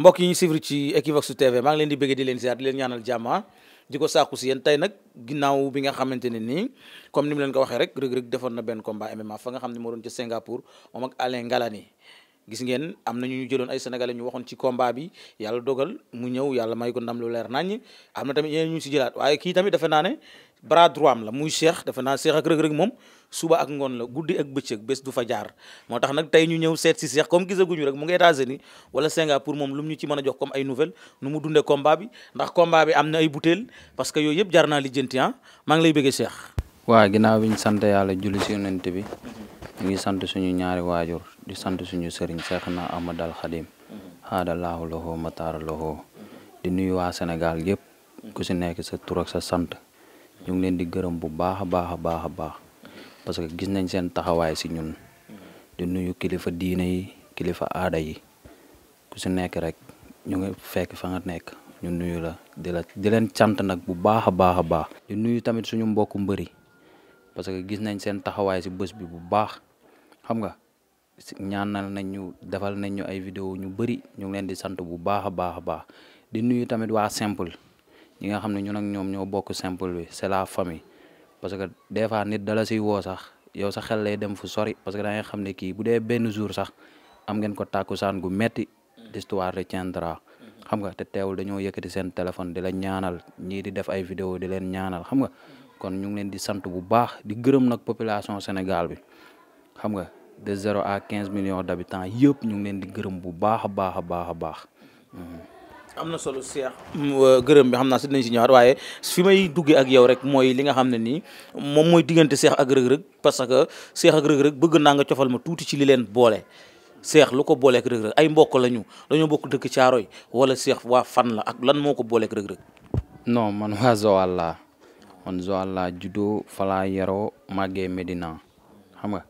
mbokk yi ñu suivre ci Equivox TV maa leen di bëgg di leen ziar di leen ñaanal jàmm ah, di saaku si yéen tey nag ginnaaw bi nga xamante ne nii comme ni mu leen ko waxee rek Reug Reug defoon na benn combat MMA fa nga xam ne moo doon ci Singapour moom ak Alain Ngalani gis ngeen am na ñu jëloon ay sénégalais ñu waxoon ci combat bi yàlla dogal mu ñëw yàlla may ko ndam lu leer naññ am na tamit yeneen ñu si jëlaat waaye kii tamit defe naa ne bras droit am muy Cheikh defe naa Cheikh ak rëg moom suba ak ngoon la guddi ak bëccëg bés du fa jaar moo tax nag tey ñu ñëw seet si gisaguñu rek mu ngi États-Unis wala Singapour moom lu mu ñu ci mën a jox comme ay nouvelle nu mu dundee combat bi ndax combat bi am na ay butéel parce que yooyu yëpp jaar naa lijjanti ah maa ngi lay bëggee seex waa ginnaaw bi ñu sant yàlla julli si yonent bi ñu ngi sant suñu ñaari waajur di sant suñu sëriñ Seex na Amadal Xadim xaadalaahu loxo mataara loxo di nuyu waa Sénégal yëpp ku si nekk sa tur sa sant ñu ngi leen di gërëm bu baax a baax a baax a baax parce que gis nañ seen taxawaay si ñun di nuyu kilifa diine yi kilifa aada yi ku si nekk rek ñu ngi fekk fa nga nekk ñu nuyu la di la di leen sant nag bu baax a baax a baax di nuyu tamit suñu mbokku mbëri parce que gis nañ seen taxawaay si bés bi bu baax xam nga ñaanal nañ ñu defal nañ ñu ay vidéo ñu bëri ñu ngi leen di sant bu baax a baax a baax di nuyu tamit waa simple ñi nga xam ne ñun ak ñoom ñoo bokk simple bi c'est la famille parce que des fois nit dala si woo sax yow sax xel lay dem fu sori parce que da xam ne kii bu dee benn jour sax am ngeen ko saan gu metti l'histoire retiendra xam nga te teewul dañoo yëkkati seen téléphone di la ñaanal ñii di def ay vidéo di leen ñaanal xam nga kon ñu ngi leen di sant bu baax di gërëm nag population Sénégal bi de zéro à quinze millions d' habitants yëpp ñu ngi leen di gërëm bu baax a baax a baax a baax. am na solo Cheikh mm, euh, gërëm bi xam naa si dinañ si ñëwaat waaye fi may duggee ak yow rek mooy li nga xam ne nii moom mooy diggante Cheikh ak Reug Reug parce que Cheikh ak Reug Reug bëgg nanga nga cofal ma tuuti ci li leen boole. Cheikh lu ko boole Reug Reug ay mbokk lañu dañoo bokk dëkk caaro yi wala Cheikh waa fan la ak lan moo ko booleeg Reug Reug. non man waa Joal laa man Joal laa juddoo falaa yaroo màggee Medina xam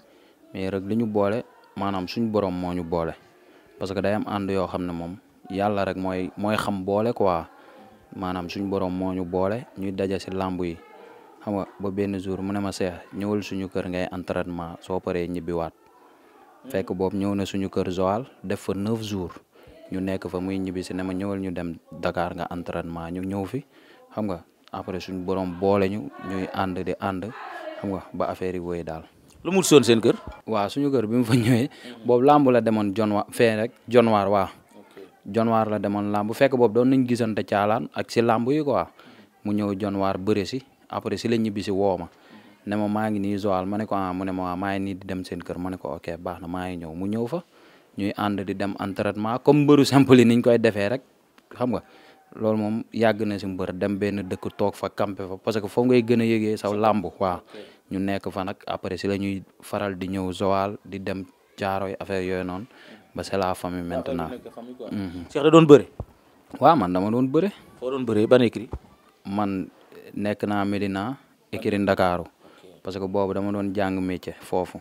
mais rek li ñu boole maanaam suñu borom moo ñu boole parce que day am ànd yoo xam ne moom yàlla rek mooy mooy xam boole quoi maanaam suñu borom moo ñu boole ñuy daja si làmb yi xam nga ba benn jour mu ne ma seex ñëwal suñu kër ngay entraînement soo paree ñibbiwaat fekk boobu ñëw na suñu kër Joal def fa neuf jours ñu nekk fa muy ñibbi si ne ma ñëwal ñu dem Dakar nga entraînement ñu ñëw fi xam nga après suñu borom boole ñu ñuy ànd di ànd xam nga ba affaire yi wéy daal. lu mu soon seen kër. waaw suñu kër bi mu fa ñëwee boobu làmb la demoon jonwa fee rek jonwaar waaw jonwaar la demoon làmb fekk boobu doon nañ gisante caalaan ak si làmb yi quoi mu ñëw jonwaar bëre si après si la ñibbi si woo ma ne ma maa ngi nii Joal ma ne ko ah mu ne ma waa maa nii di dem seen kër ma ne ko ok baax na maa ngi ñëw mu ñëw fa ñuy ànd di dem entraînement comme mbëru simple yi niñ koy defee rek xam nga loolu moom yàgg na si mbër dem benn dëkk toog fa campé fa parce que foo ngay gën a yëgee saw làmb waaw ñu nekk fa nag après si la ñuy faral di ñëw Joal di dem Caaroy affaire yooyu noonu ba c'est la famille maintenant. Mhm. Cheikh doon bëre. waaw man dama doon bëre. foo doon bëre ban man nekk naa Medina Ndakaaru parce que boobu dama doon jàng métier foofu.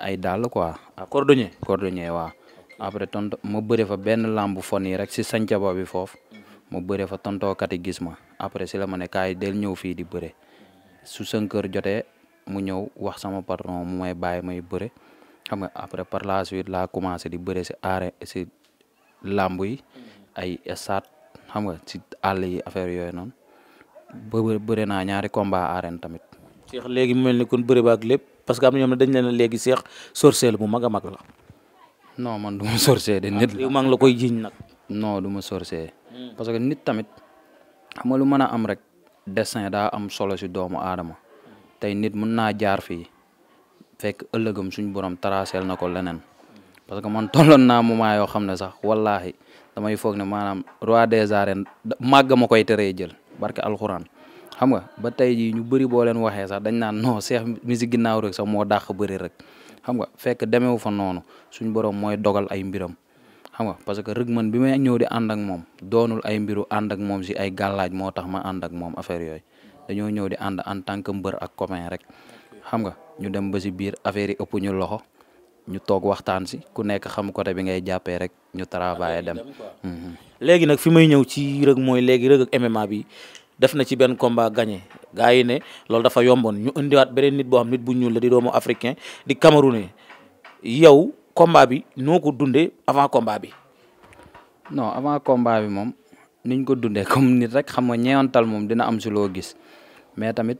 ay dàll quoi. cordonnier cordonnier waaw. après tonto ma bëre fa benn lamb fon yi rek si sanca ba bi foofu. Mhm. ma bëree fa tontoo kati gis après si la ma ne kaay del ñëw fii di bëre. su cinq heures jotee mu ñëw wax sama patron mu may bàyyi may bëre xam nga après par la suite la commencé di bëre si aare si làmb yi ay estaat xam nga si àll yi affaire yooyu noonu ba bëre naa ñaari combat arène tamit. Cheikh léegi mu mel ni kon bëre ba ak lépp parce que am na ñoom dañ leen léegi Cheikh sorcier bu mag a mag la. non man du ma sorcier de nit la man la koy jiñ nag. non du ma sorcier. Hmm. parce que nit tamit xam nga mën a am rek. destin daa am solo si doomu aadama tey nit mun naa jaar fii fekk ëllëgam suñ borom tarasel na ko leneen parce que man tolloon naa moment yoo xam ne sax wallaahi damay foog ne maanaam roi des arènes màgg ma koy teree jël barke alxuraan xam nga ba tey jii ñu bëri boo leen waxee sax dañ naan non seex mi si ginnaaw rek sax moo dàq bëri rek xam nga fekk demewu fa noonu suñ borom mooy dogal ay mbiram xam nga parce que rëg man bi may ñëw di ànd moom doonul ay mbiru ànd ak moom si ay gàllaaj moo tax ma ànd ak moom affaire yooyu dañoo ñëw di ànd en tant que mbër ak copain rek xam nga ñu dem ba si biir affaire yi ëpp ñu loxo ñu toog waxtaan si ku nekk xam côté bi ngay jàppee rek ñu travailler dem. Mhm. léegi nag fi may ñëw ci rëg mooy léegi rëg ak MMA bi def na ci benn combat gagné gaa yi ne loolu dafa yomboon ñu indiwaat beneen nit boo xam nit bu ñuul la di doomu africain di camerounais combat bi noo ko dundee avant combat bi. non avant combat bi moom niñ ko dundee comme nit rek xam nga ñeewantal moom dina am si loo gis mais tamit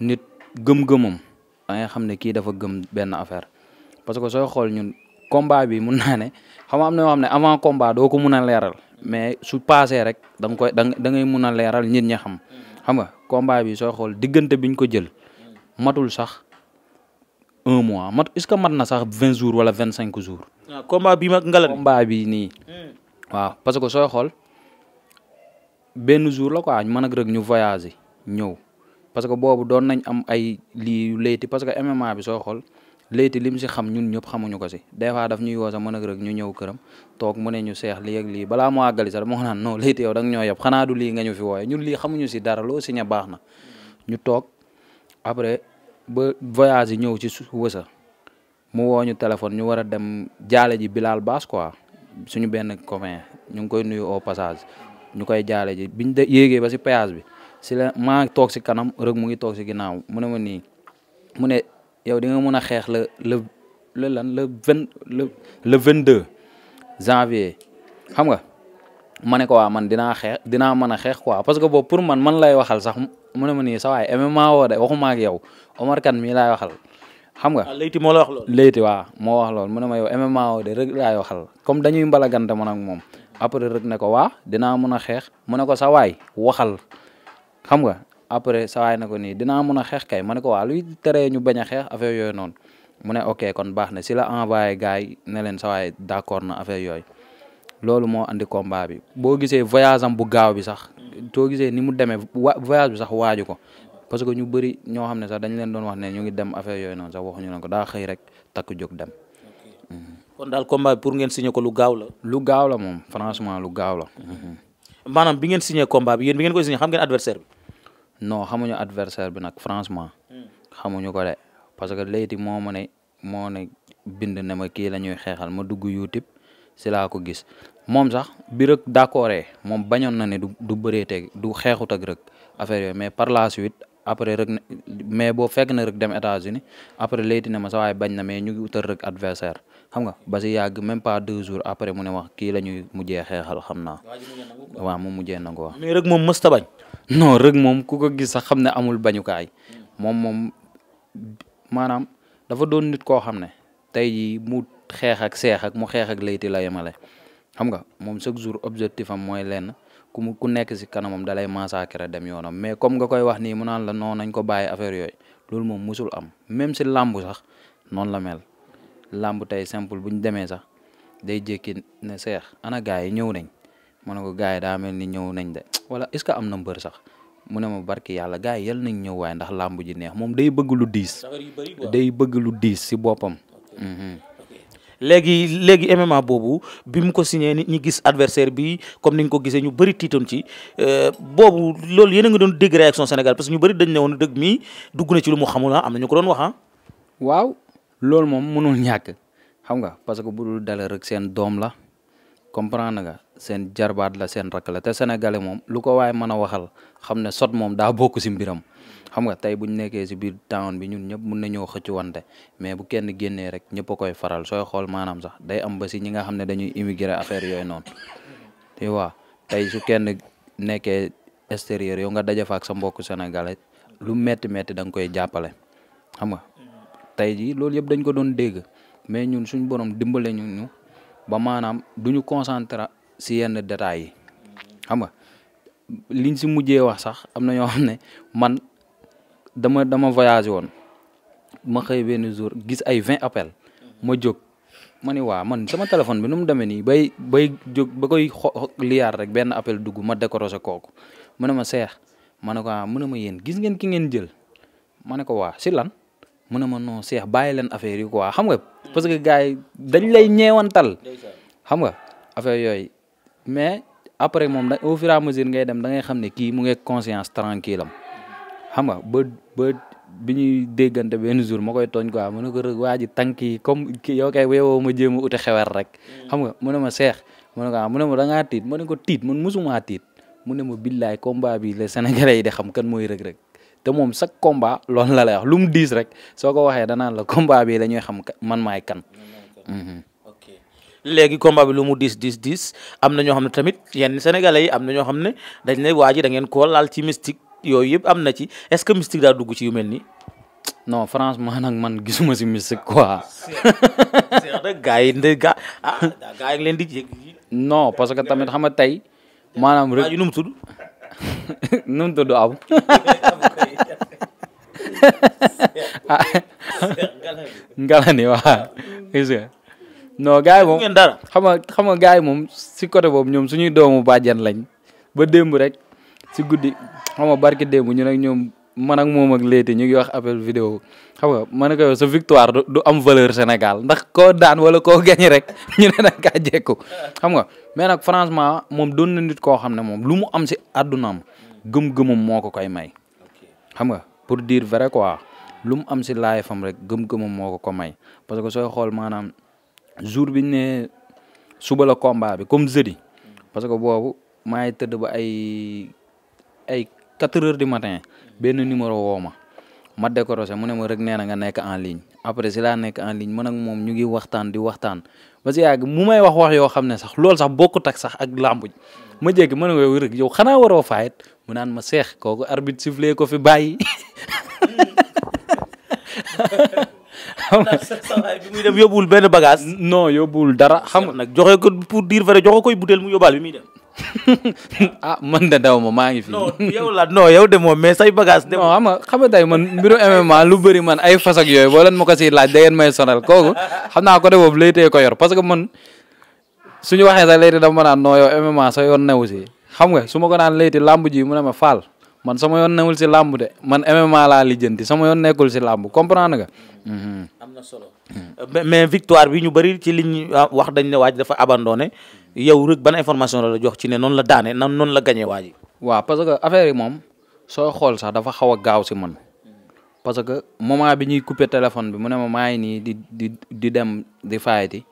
nit gëm-gëmam da ngay xam ne kii dafa gëm benn affaire parce que sooy xool ñun combat bi mun naa ne xam am na yoo xam ne avant combat doo ko mun a leeral mais su passé rek da nga koy da ngay mun a leeral nit ñi xam xam nga combat bi sooy xool diggante biñ ko jël matul sax. un mois mat est que mat na sax vingt jours wala vingt cinq jours. waaw ah, combat bi mag ngalan combat nii. Hmm. waaw parce que sooy xool benn jour la quoi man ak Reug ñu voyager ñëw parce que boobu doon nañ am ay lii layti parce que MMA bi sooy xool layti lim si xam ñun ñëpp xamuñu ko si des fois daf ñuy woo sax man ak Reug ñu ñëw këram toog mu ne ñu seex lii ak lii balaa moo àggali sax dama ko naan non layti yow da ñoo yab xanaa du lii nga ñu fi wooye ñu lii xamuñu si dara loo si baax na hmm. ba voyage yi ñëw ci wësa mu woo ñu téléphone ñu war a dem jaale ji bilaal Baas quoi suñu benn commin ñu ngi koy nuyu au passage ñu koy jaale ji biñ de yéegee ba si payage bi si la maa ngi toog si kanam rek mu ngi toog si ginnaaw mu ne ma nii mu ne yow di nga mën a xeex la le le lan le vingt le le vingt deux janvier xam nga. ma ne ko waa man dinaa xeex dinaa mën a xeex quoi parce que boobu pour man man lay waxal sax mu ne ma nii sa waay MMA woo de waxuma ak yow Omar Kane mii laay waxal xam nga. Ah, Leyti moo la wax lool Leyti moo wax lool mu ne ma yow MMA woo comme dañuy mbalagante man ak moom après rek ne ko waa dinaa mën a xeex mu ne ko sa waxal xam nga après sa waay ko nii dinaa mën a xeex kay ma ne ko waa luy teree ñu bañ a xeex affaire yooyu noonu mu ne ok kon baax na si la envoyé gars yi ne leen sa waay d'accord na affaire yooyu. loolu moo andi combat bi boo gisee voyage am bu gaaw bi sax soo gisee ni mu demee voyage bi sax waaju ko parce que ñu bëri ñoo xam ne sax dañ leen doon wax ne ñu ngi dem affaire yooyu noonu sax waxuñu leen ko daa xay rek takk jóg dem. kon daal combat bi pour ngeen signé ko lu gaaw la. lu gaaw la moom franchement lu gaaw la. Mhm. maanaam bi ngeen signé combat yéen bi ngeen koy signé xam ngeen adversaire non xamuñu adversaire bi nag franchement. Hmm. xamuñu ko de parce que léegi moo ma ne moo ne bind ne ma kii la ñuy xeexal ma dugg YouTube si la ko gis moom sax bi rek d'accord moom bañoon na ne du du bëreetee du xeexut ak rek affaire yooyu mais par la suite après rek mais boo fekk na rek dem États-Unis après layti ne ma sa waaye bañ na mais ñu ngi utal rek adversaire xam nga ba si yàgg même pas deux jours après mu ne wax kii la ñuy mujjee xeexal xam naa waaw mu mujjee nangu wax mais moom mës ta bañ non rek moom ku ko gis sax xam ne amul bañukaay moom moom maanaam dafa doon nit koo xam ne tey jii mu xeex ak seex ak mu xeex layti la yemale xam nga moom chaque jour objectif am mooy lenn ku ku nekk si kanamam dalay massacrer dem yoonam mais comme nga koy wax nii mu naan la non nañ ko bàyyi affaire yooyu loolu moom musul am même si làmb sax noonu la mel làmb tey simple bu ñu demee sax day jékki ne seex ana gars yi ñëw nañ ma ne ko gars yi daa mel ni ñëw nañ de wala est ce que am na mbër sax mu ne ma barki yàlla gars yal nañ ñëw ndax làmb ji neex moom day si boppam léegi léegi MMA boobu bi mu ko signé nit ñi gis adversaire bi comme ni nga ko gisee ñu bëri tiitoon ci euh, boobu loolu yéen a ngi doon dégg réaction Sénégal parce que ñu bëri dañ ne woon dëgg mii dugg na ci lu mu xamul ah am na ñu ko doon wax ah. waaw loolu moom mënul ñàkk xam nga parce que bu dul dalee rek seen doom la comprendre nga seen jarbaat la seen rakk la te sénégalais moom lu ko waaye mën a waxal xam ne sot moom daa bokk si mbiram. xam nga tey buñ nekkee si biir town bi ñun ñëpp mun nañoo xëcc wante mais bu kenn génnee rek ñëpp koy faral sooy xool maanaam sax day am ba si ñi nga xam ne dañuy immigré affaire yooyu noonu tu tey su kenn nekkee extérieur yow nga daje fa ak sa mbokku sénégalais lu metti metti da nga koy jàppale xam nga tey jii loolu yëpp dañ ko doon dégg mais ñun suñ borom dimbale ñu ñu ba maanaam du ñu concentré si yenn détails yi xam nga liñ si mujjee wax sax am na ñoo xam ne man dama dama voyagé woon ma xëy benn jour gis ay vingt appels ma jóg ma ni waa man sama téléphone bi nu mu demee nii bay bay jóg ba koy xo liyaar rek benn appel dugg ma décroché kooku mu ne ma seex ma ne ko ah mu ma yéen gis ngeen ki ngeen jël ma ne ko waa si lan mu ne ma non seex bàyyi leen affaire yi quoi xam nga parce que gars yi dañ lay ñeewantal xam nga affaire yooyu mais après moom da au fur et à mesure ngay dem da ngay xam ne kii mu ngi conscience tranquille am xam nga ba ba bi ñuy ma koy tooñ quoi mu ne ko rëg waa ji comme ki weewoo ma jéem a uti xewer rek mm. xam nga mu ma seex mu ne ko ah mu ne ma da ngaa tiit ma ne ko tiit man mosumaa tiit mu ma billaay combat bi les yi di xam kan mooy rëg rëg te moom chaque combat loolu la lay wax lu mu diis rek ko waxee danaan la combat bi dañuy xam man maay kan. Mm-hmm. ok léegi combat bi lu mu diis diis am na ñoo xam ne tamit yenn sénégalais yi am na ñoo xam ne dañ ne waa ji da ngeen laal ci mystique. yooyu yëpp am na ci est-ce que mystique daa dugg ci yu mel nii. non franchement man gisuma si mystique quoi. c'est ah, leen di jég. parce que tamit xam tey maanaam rek nu mu tudd. nu mu tudd Ngalani waaw gis nga moom xam nga xam yi moom si côté boobu ñoom suñuy doomu bàjjan lañ ba démb rek. si guddi xam nga barki démb ñu nag ñoom man moom ak léeti ñu ngi wax appel vidéo xam nga man ko sa victoire du am valeur Sénégal ndax ko daan wala koo gañe rek ñu ne nag kaa jekku xam nga mais nag franchement moom doon na nit koo xam ne moom lu mu am si àddunaam gëm-gëmam moo ko koy may xam nga pour diir vrai quoi lu mu am si laay fam rek gëm-gëmam moo ko ko may parce que sooy xool maanaam jour biñ ne suba la combat bi comme jeudi parce que boobu maay tëdd ba ay quatre heures du matin benn numéro woo ma ma décroché mu ne ma rek nee na nga nekk en ligne après si laa nekk en ligne man ak moom ñu ngi waxtaan di waxtaan ba si yàgg mu may wax wax yoo xam ne sax lool sax bo ak sax ak làmb ji ma jékki ma ne ko rek yow xanaa waroo faayet naan ma seex kooku arbitre sifflé ko fi bàyyi. xam nga bi benn bagage. non yóbbuwul dara xam nga nag joxe ko pour dire vrai joxe koy butéel mu yóbbaal bi muy dem. a ah, man de daw ma maa ngi fi. non yow la non yow demoo mais say bagage de non xam nga xam tey man mbiru MMA lu bëri man ay fas ak yooyu boo leen ma laaj da ngeen may sonal kooku xam na ko de boobu lay ko yor parce que man suñu waxee sax léegi dama naan non yow MMA sa yoon newu si xam nga su ma ko naan léegi làmb ji mu ne ma faal man sama yoon newul si làmb de man MMA laa lijjanti sama yoon nekkul si làmb comprendre nga. Mm-hmm. am na solo. mais victoire bi ñu bëri ci liñ ah, wax dañ ne waa dafa abandonné. yow rek ban information la la jox ci ne noonu la daane nan noonu la gañee waa parce que affaire moom soo xool sax dafa xaw gaaw si man parce que moment bi ñuy couper téléphone bi mu ne ma maa nii di di di dem di fayati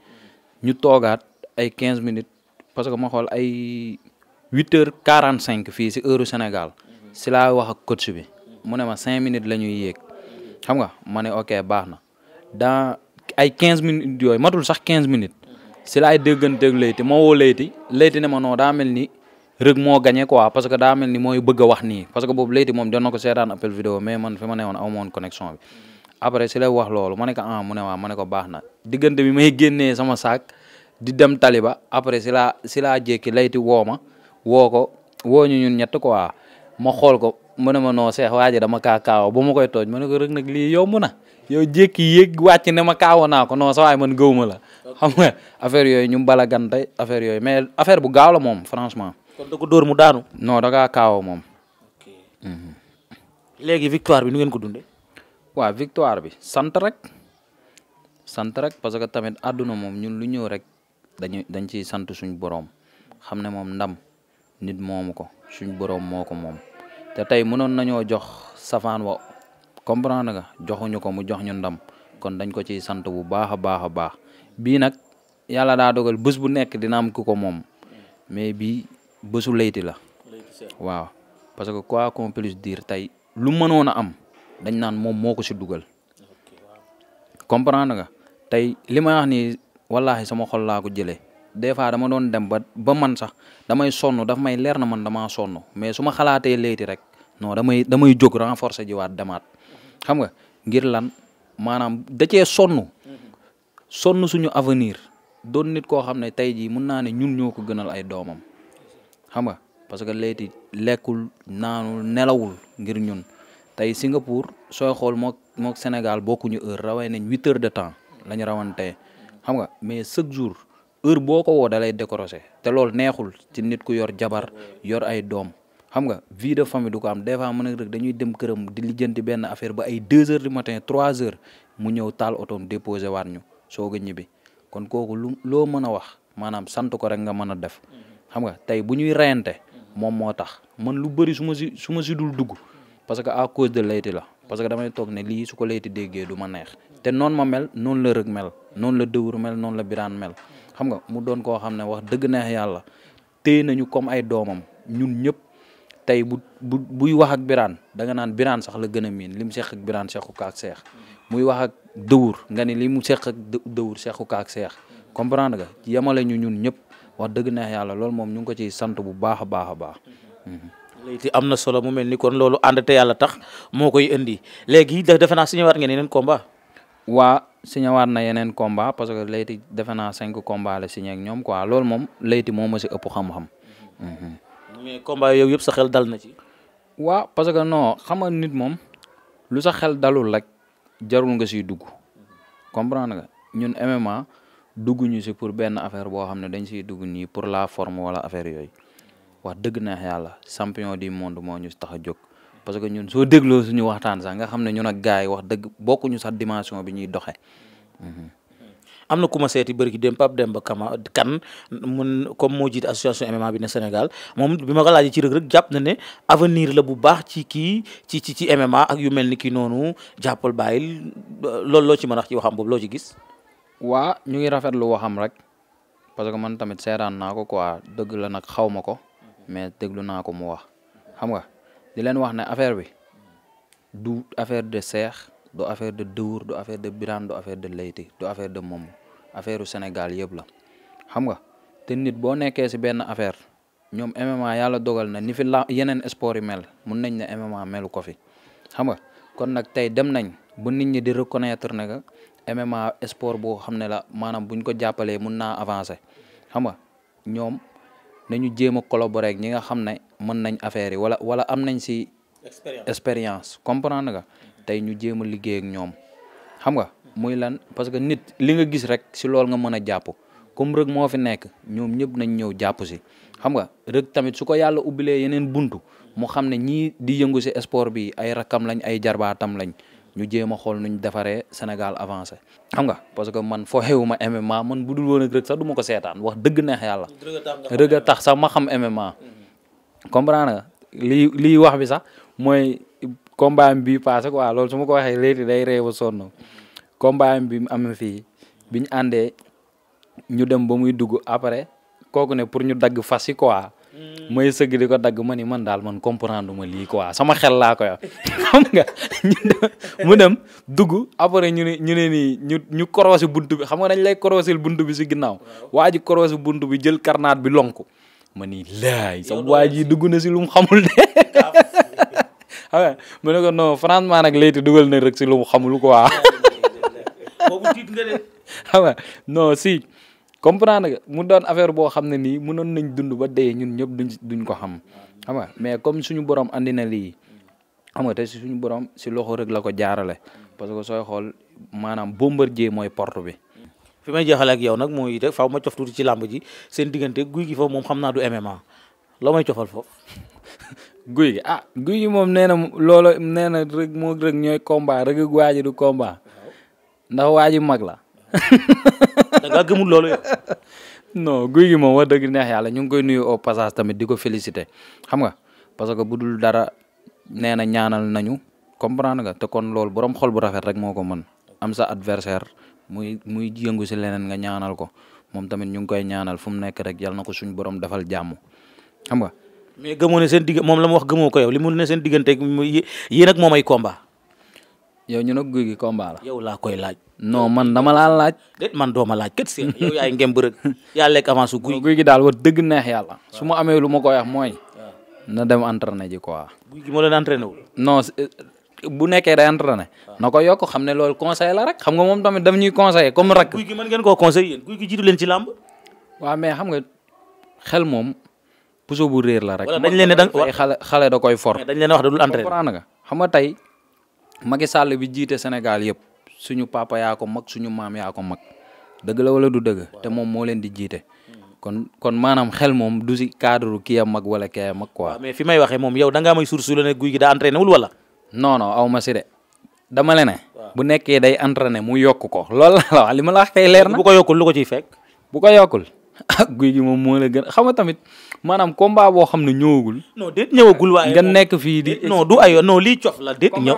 ñu toogaat ay quinze minutes parce que ma xool ay huit heures quarante cinq fii si heure Sénégal si laa wax ak coach mu ne ma cinq minutes la ñuy yéeg xam nga ma ne ok baax na dans ay quinze minutes yooyu matul sax quinze minutes. si laay dégganteeg layti ma woo layti layti ne ma non daa mel ni rëg moo gagné quoi parce que daa mel ni mooy bëgg wax ni parce que boobu layti moom doon ko seetaan appel vidéo mais man bi ma ne ko ah mu ne waa ma ne ko baax na diggante bi may génnee sama saak di dem taliba après si laa si laa layti woo ma woo ko wo ñu ñun ñett quoi ma xool ko mu ne ma noo seex waa ji dama kaa kaawa ba ma koy tooj ma ne ko rëg nag lii yomb na yow jékki yéeg wàcc ne ma kaawa naa ko non sa waay man ma la xam nga affaire yooyu ñu mbalagante affaire yooyu mais affaire bu gaaw moom franchement. kon da ko dóor mu daanu. non da ngaa kaawoo moom. Mhm. léegi victoire bi nu ngeen ko dundee. waaw victoire bi sant rek sant rek parce que tamit àdduna moom ñun lu ñëw rek dañu dañ ciy sant suñu boroom xam ne moom ndam nit moomu ko suñu boroom moo ko moom te tey mënoon nañoo jox safaan wa comprendre nga joxuñu ko mu jox ñu ndam kon dañ ko ciy sant bu baax a baax a baax bii nag yàlla daa dogal bës bu nekk dina am ku ko moom mais bii bésu layti la waaw parce que quoi qu'on puisse dire tey lu mënoon a am dañ naan moom moo ko si dugal comprendre nga tey li ma wax nii wallaahi sama xol ko jëlee des fois dama doon dem ba ba man sax damay sonn daf may leer na man damaa sonn mais su ma xalaatee léyti rek non damay damay jóg renforcer jiwaat demaat mhm. xam nga ngir lan maanaam da cee sonn suñu avenir doon nit koo xam ne tey jii mun naa ne ñun ñoo ko gënal ay doomam xam nga parce que Leyti lekkul naanul nelawul ngir ñun tey Singapour sooy xool mook mook Sénégal bokkuñu heure rawee nañ huit heures de temps la ñu rawantee xam nga mais chaque jour heure boo ko woo da lay décroché te loolu neexul ci nit ku yor jabar yor ay doom xam nga vie de famille du ko am des fois mën na rek ñuy dem këram di lijjanti benn affaire ba ay deux heures du matin trois heures mu ñëw taal otoom déposé waat ñu. soog a ñibbi kon kooku lu loo mën a wax maanaam sant ko rek nga mën a def xam nga tey bu ñuy reyante moom moo tax man lu bëri su ma si su ma si dul dugg parce que à cause de layti la parce que damay toog ne lii su ko layti déggee du ma neex te noonu ma mel noonu la rëg mel noonu la dëwur mel noonu la biraan mel xam nga mu doon koo xam ne wax dëgg neex yàlla tey nañu comme ay doomam ñun ñëpp tey bu bu buy wax ak biraan da nga naan biraan sax la gën a miin lim seq ak biraan sequ kaak dëwur nga ni li mu seq ak dëwur sequ ko ak seex comprendre nga yemale ñu ñun ñëpp wax dëgg na yàlla lool moom ñu ngi ko sant bu baax a baax a baax. léegi am na solo mu mel ni kon loolu ànd te yàlla tax moo koy indi léegi defe naa signewaat ngeen yeneen combat. waa signewaat na yeneen combat parce que layti defe naa cinq combat la signé ak ñoom quoi lool moom layti moo ma si ëpp xam-xam. Mhm. mais combat yow yëpp sa dal na ci. waaw parce que non xam nga nit moom lu sa xel dalul rek. jarul nga siy dugg comprendre nga ñun MMA dugg ñu si pour benn affaire boo xam ne dañ siy dugg nii pour la forme wala affaire yooyu wax dëgg neex yàlla champion du monde moo ñu tax a jóg. parce que ñun soo dégloo suñu waxtaan sax nga xam ne ñun ak gars yi wax dëgg bokkuñu sax dimension bi ñuy doxee. Mhm. am na ku ma seeti bëri ki dem Pape Demba Kama kan mun comme moo jiite association MMA bi ne Sénégal moom bi ma ko laajee ci Reug Reug jàpp na ne avenir la bu baax ci kii ci ci ci MMA ak yu mel ni kii noonu jàppal bàyyil loolu loo ci mën a wax ci waxam boobu loo ci gis. waa ñu ngi rafetlu waxam rek parce que man tamit seeraan naa ko quoi dëgg la nag xaw ma ko mais déglu naa ko mu wax xam nga di leen wax ne affaire bi du affaire de seex. du affaire de Diour du affaire de Birane du affaire de Leyti du affaire de moom affaire u Sénégal yëpp la xam nga te nit boo nekkee si benn affaire ñoom MMA yàlla dogal na ni fi la yeneen sport yi mel mun nañ ne MMA melu ko fi xam nga kon nag tey dem nañ ba nit ñi di reconnaitre ne que MMA sport boo xam ne la maanaam buñ ko jàppalee mun naa avancer xam nga ñoom nañu jéem a collaborer ak ñi nga xam ne mën nañ affaire yi wala wala am nañ si expérience comprendre nga tey ñu jéem a liggéey ak ñoom xam nga muy lan parce que nit li nga gis rek si loolu nga mën a jàpp comme rëg moo fi nekk ñoom ñëpp nañ ñëw jàpp si xam nga rëg tamit su ko yàlla ubbilee yeneen buntu mu xam ne ñii di yëngu si sport bi ay rakkam lañ ay jarbaatam lañ ñu jéem a xool nuñ defaree Sénégal avancé xam nga parce que man foo xewuma MMA man bu dul woon ak rëg sax du ma ko seetaan wax dëgg neex yàlla rëg a tax sax ma xam MMA mm-hmm. comprendre lii wax bi combat am bii passé quoi loolu su ma ko waxee léegi day ree ba sonn combat am bi mu am fii bi ñu àndee ñu dem ba muy dugg après kooku ne pour ñu dagg fas yi quoi mm. may sëgg ko dagg ma ni man daal man comprendre ma lii quoi sama xel laa koy nga mu dem dugg après ñu ne ñu ne nii ñu ñu koroosi bunt bi xam nga dañ lay koroosil bunt bi si ginnaaw waa ji koroosi bunt bi jël karnaat bi lonku mani laay sa waa ji na si xamul de nga ah mu ne ko non franchement nag léegi dugal na rek si lu xamul quoi. boobu tiit xam nga ah non si comprendre nga mu doon affaire boo xam ne nii mënoon nañ dund ba dee ñun ñëpp duñ duñ ko xam xam ah mais comme suñu borom andi na lii xam nga te si suñu borom si loxo rek la ko jaarale parce que sooy xool maanaam boo bombardier mooy porte bi. fi may jeexale yow nag mooy rek faaw ma cof ci làmb ji seen diggante guy gi foofu moom xam naa du MMA loo may cofal foofu. guy gi ah guy gi moom nee na loola nee na rëg moo rëg ñooy combat rëg ak du komba ndax waa ji mag la. da ngaa gëmul loolu yow. non guy gi moom wax dëgg neex yàlla ñu ngi koy nuyu o passage tamit di ko félicité xam nga parce que bu dul dara nee na ñaanal nañu comprendre nga te kon loolu borom xol bu rafet rek moo ko mën am sa adversaire muy muy yëngu si leneen nga ñaanal ko moom tamit ñu ngi koy ñaanal fu mu nekk rek yal na ko suñu borom defal jàmm xam nga. mais gëmoo ne seen digg moom la mu wax gëmoo ko yow li mu ne seen digganteeg yéen ak moom ay combat. guy gi combat la. yow laa koy laaj. non man dama laa laaj. déet man doo ma laaj kat si yow yaay ngem bërëg yaa lekk avance su guy. gi daal wax dëgg neex yàlla. su ma amee lu ma koy wax mooy. na dem entraîné ji quoi. guy gi moo leen entraîné wul. non eh, bu nekkee day entraîné. na ko yokk xam ne loolu conseil la rek. xam nga moom tamit dam ñuy conseillé comme rak guy gi mën ngeen koo conseillé yéen guy gi jiitu leen ci làmb. waaw mais xam nga xel moom puso bu réer la rek. wala da nga xale da koy for. dañ leen wax da bi jiite Sénégal yëpp suñu papa yaa ko mag suñu maam yaa ko mag dëgg la wala du dëgg. te moom moo leen di jiite. kon kon maanaam xel moom du si cadre kii am mag wala kii am mag quoi. fi may waxe moom yow danga ngaa may source la ne guy gi da entraîné wul wala. ma si dama le ne. bu nekkee day entraîné mu yokk ko loolu la wax li ma la wax kay leer na. bu ko yokkul lu ko ciy fekk. bu ko yokkul guy gi moom moo la gën xam tamit maanaam combat boo xam ne ñëwagul. non déet ñëwagul nga nekk fii di. non du ay non lii cof la déet ñëw.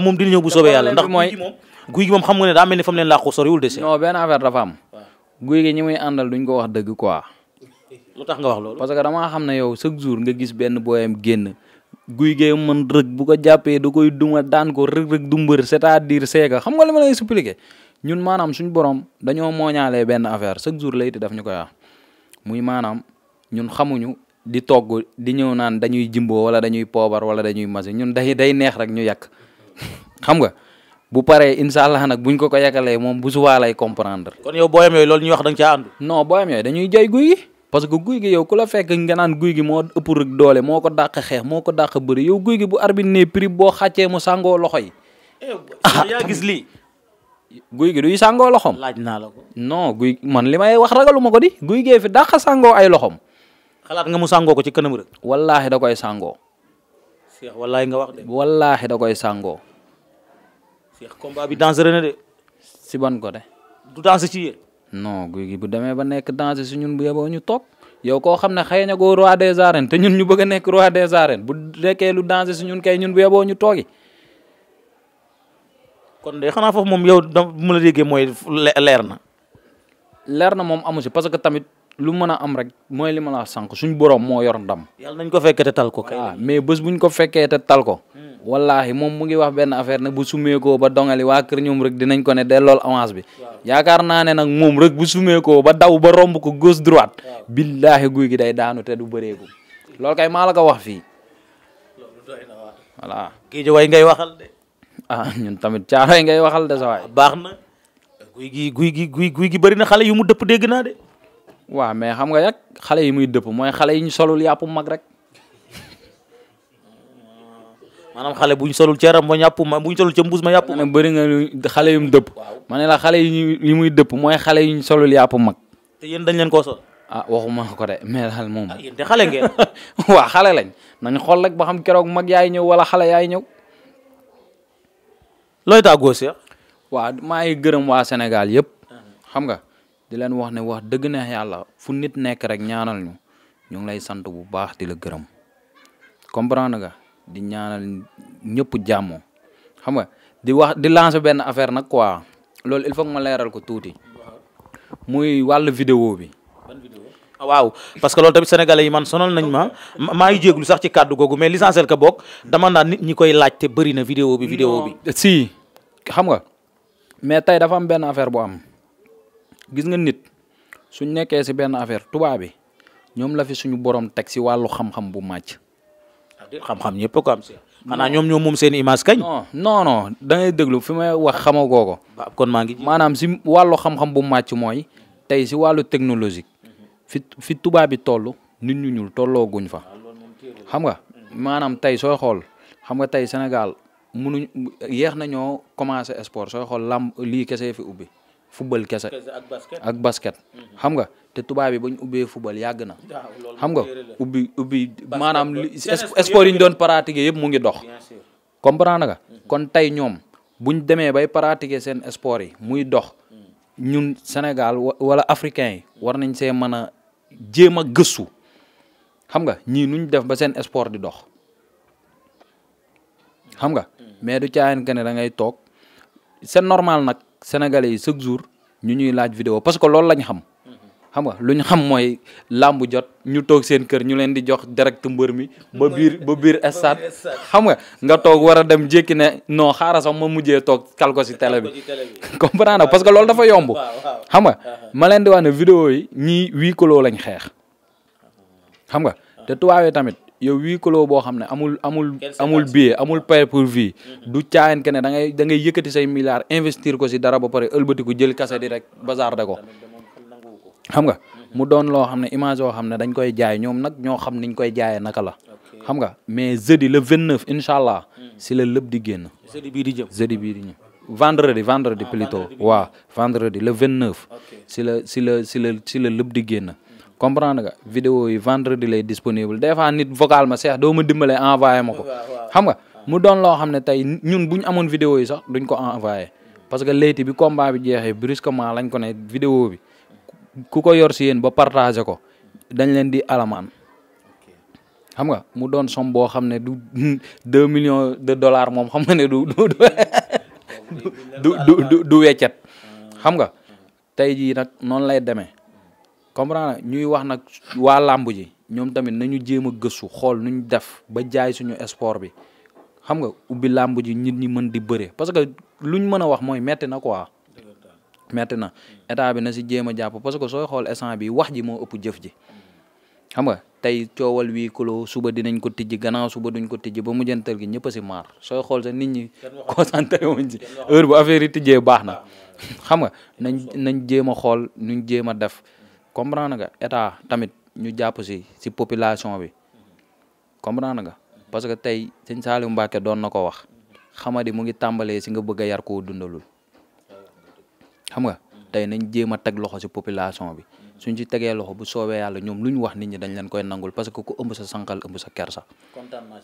moom dina ñëw bu soobee yàlla la guy gi moom. guy xam nga ne daa mel ni fa mu leen làqu soriwul dese. non benn affaire dafa am. guy gi ñi muy duñ ko wax dëgg quoi. lu tax wax loolu. parce que damaa xam na yow chaque jour nga gis benn booyam génn. guy gee man rëg bu ko jàppee da koy duma daan ko rëg-rëg du mbër c'est-à-dire seega xam nga li ma lay ñun maanam suñ borom dañoo mooñaalee benn affaire chaque jour layti daf ñu koy muy maanaam ñun xamuñu di togg di ñëw naan dañuy jimboo wala dañuy poobar wala dañuy masi ñun day day neex rek ñu yàq xam nga bu paree incha allah nag buñ ko ko yàqalee moom bu subaa lay comprendre. kon yow booyam yooyu loolu ñuy wax da nga caa ànd. non booyam yooyu dañuy jay guy gi parce que guy gi yow ku la fekk nga naan guy gi moo ëpp rek doole moo ko dàq xeex moo ko dàq bëri yow guy gi bu arbin ne prix boo xàccee mu sangoo loxo yi. Eh, yaa gis lii. guy gi duy sangoo loxom. laaj naa la ko. non guy man li may wax ragalu ko di guy gee fi sàngoo ay loxom. xalaat nga mu sàngoo ko ci kanam rek. wallaahi da koy sàngoo. Cheikh wallaahi nga wax de. wallaahi da koy sangoo Cheikh combat bi dangereux na de. si ban de du danser ci yéen. non gi bu demee ba nekk danser si ñun bu yeboo ñu toog yow koo xam ne xëy na ko roi des arènes ñun ñu bëgg nekk roi des arènes bu nekkee lu danser si ñun kay ñun bu yeboo ñu toogi. kon de xanaa foofu moom yow da mu mooy leer na. leer na moom amu si tamit lu mën a am rek mooy li ma la sànq suñu borom moo yor ndam. yàlla nañ ko fekkee tal ko. kay mais bés buñ ko fekkee te tal ko. Hmm. wallaahi moom mu ngi wax benn affaire na bu sumeekoo ba dongali waa kër ñoom rek dinañ ko ne dellool avance bi. yaakaar naa ne nag moom rek bu sumeekoo ba daw ba romb ko gauche droite. billaahi guy gi day daanu te du bëreeku. loolu kay maa la ko wax fii. voilà. kii ji way ngay waxal de. ah ñun tamit caaroy ngay waxal de sa waay. baax na guy gi guy gi guy gi bëri na xale yu mu dëpp dégg na de. waaw mais xam nga rek xale yi muy dëpp mooy xale yi ñu solul yàpp mag rek. maanaam xale bu ñu solul ca ram ba ñàpp ma bu ñu solul ca mbuus ma yàpp. maanaam bëri nga xale yu mu dëpp. ma ne la xale yi yi muy dëpp mooy xale yi ñu solul yàpp mag. te yéen dañ leen koo sol. ah waxuma ko de mais daal moom. ah yéen xale ngeen. waaw xale lañ nañ xool rek ba xam keroog mag yaay ñëw wala xale yaay ñëw. looy tàggoo Cheikh. waaw maa ngi gërëm waa Sénégal yëpp. Ah. xam nga. di leen wax ne wax dëgg neex yàlla fu nit nekk rek ñaanal ñu ñu ngi lay sant bu baax di la gërëm comprendre nga di ñaanal ñëpp jàmm xam nga di wax di lancer benn affaire nag quoi loolu il faut ma leeral ko tuuti muy wàllu video bi. Ah, waaw parce que loolu tamit sénégalais yi man sonal nañ ma maa ngi jéeglu sax ci kàddu googu mais l'essentiel ka bokk dama naan nit ñi koy laaj te bëri na vidéo bi vidéo bi si xam nga mais tey dafa am benn affaire bu am gis nga nit suñ nekkee si benn affaire tubaab bi ñoom la fi suñu borom teg si wàllu xam-xam bu màcc. xam-xam ñëpp ko am si. xanaa ñoom ñoo seen image kañ. non non da ngay déglu fi may wax xamagoo ko. kon maa ngi maanaam si wàllu xam-xam bu màcc mooy tey si wàllu technologique. Mhm. fi fi tubaab bi toll nit ñu ñuul tolloo guñ fa. Ah, xam nga maanaam tey sooy xool xam nga tey Sénégal munuñ yéex nañoo commencé sport sooy xool lamb lii kese fi ubbi. football kese ak basket mhm. xam nga te tubaab yi bañ ubbee football yàgg na xam nga ubbi ubbi maanaam li sport yi ñu doon pratiquer yëpp mu ngi dox comprendre nga mhm. kon tey ñoom buñ demee bay pratiquer seen sport yi muy dox mhm. ñun Sénégal wala africain yi war nañ see mën a jéem a gëstu xam nga ñi nuñ def ba seen sport di dox xam nga mais du caayan que ne toog c'est normal nag sénégalais yi chaque jour ñu ñuy laaj vidéo parce que loolu lañ xam. xam nga lu ñu xam mooy làmb jot ñu toog seen kër ñu leen di jox direct mbër mi ba biir ba biir stade xam nga nga toog war a dem jékki ne non xaaral sax ma mujjee toog kal si tele bi comprendre na parce que loolu dafa yomb xam nga ma leen di wax ne vidéo yi ñii huis clos lañ xeex xam nga te tubaab yi tamit yow huis clos boo xam ne amul amul amul billet amul pay pour vie mm-hmm. du caayan ke ne da ngay da ngay yëkkati say milliards investir ko si dara ba pare ëlbatiku jël kase di rek bazar de ko xam nga mm-hmm. mu doon loo xam ne image yoo xam ne dañ koy jaay ñoom nag ñoo xam niñ koy jaayee naka la xam nga mais jeudi le vingt neuf incha allah mm. si la lépp di génn jeudi bii di jëm jeudi bii di ñëw vendredi vendredi ah, plutôt waaw vendredi le vingt neuf si la si la si la si la lépp di génn comprendre nga vidéo yi vendredi lay disponible des fois nit vocal ma seex doo ma dimbalee envoyé ma ko xam nga mu doon loo xam ne tey ñun bu ñu amoon vidéo yi sax duñ ko envoyé parce que léyti bi combat bi jeexee brusquement lañ ko ne vidéo bi ku ko yor si yéen ba partagé ko dañ leen di alamaan xam nga mu doon som boo xam ne du deux millions de dollars moom xam nga ne du du du du du weccet lay demee comprendre ñuy wax nag waa làmb ji ñoom tamit nañu jéem a gëstu xool nuñ def ba jaay suñu sport bi xam nga ubbi làmb ji nit ñi mën di bëre parce que lu ñu mën a wax mooy metti na quoi. metti na état bi na si jéem a jàpp parce que sooy xool instant bi wax ji moo ëpp jëf ji xam nga tey coowal wii kuloo suba dinañ ko tijji gannaaw suba duñ ko tijji ba mu gi ñëpp si maar sooy xool sa nit ñi concentré wuñ ci heure bu affaire yi tijjee baax na xam nga nañ nañ jéem a xool nuñ jéem a def. comprendre nga état tamit ñu jàpp si si population bi comprendre nga parce que tey sëñ Saliou Mbacke doon na ko wax di mu ngi tàmbalee si nga bëgg yar koo dundalul xam nga tey nañ jéem a teg loxo si population bi suñ ci tegee loxo bu soobee yàlla ñoom lu ñu wax nit ñi dañ leen koy nangul parce que ku ëmb sa sànqal ëmb sa kersa. kontaan